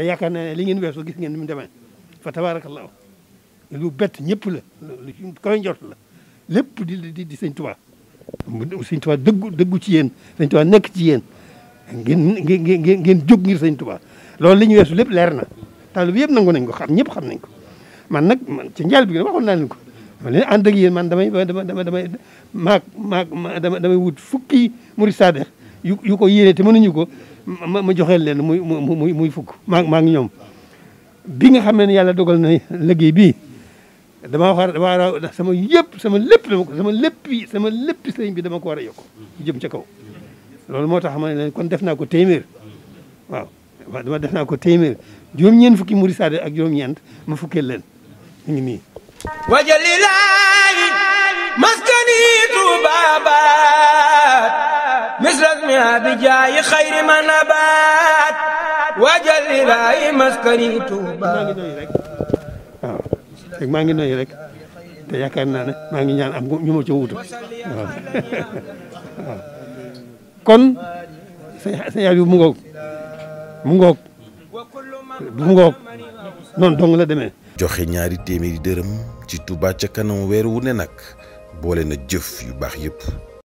te yaakaar naa ne li ngeen weesoo gis ngeen ni mu demee fa tabaarakallaahu lu bett ñëpp la lu ci la lépp di di di sëñ Tuubaa sëñ Tuubaa dëggu dëggu ci yéen sëñ Tuubaa nekk ci yéen ngeen ngeen ngeen jóg ngir sëñ Tuubaa loolu li ñu weesu lépp leer na taalibe yëpp nangu nañ ko xam ñëpp xam nañ ko man nag man ci njaal bi waxoon naa leen ko ma leen ànd yéen man damay dama dama damay maag maag damay wut fukki murid saadiq yu yu ko yéene te mënuñu ko ma ma joxeel leen muy muy muy fukk maa maa ngi ñoom. bi nga xam ne yàlla dogal na liggéey bii dama wax damaa war sama yëpp sama lépp dama ko sama lépp yi sama lépp sëriñ bi dama ko war a yokk jëm ca kaw. loolu moo tax ma ne leen kon def naa ko téeméer waaw waaw dama def naa ko téeméer juróom-ñeent fukki muri saade ak juróom-ñeent ma fukkee leen ñu ngi nii. wajalilaay maskani tubaaba misrasmiha bi jaayi xayri ma nabaat waajal lilaahi maskani tuuba teg maa ngi noyu rek te yaakaar naa ne maa ngi ñaan am ñu ma ci wuutu waaw kon sa yaay bi mu ngoog mu ngoog noonu dong la demee joxe ñaari téeméeri dërëm ci Touba ca kanam weer wu ne nag boole na jëf yu baax yépp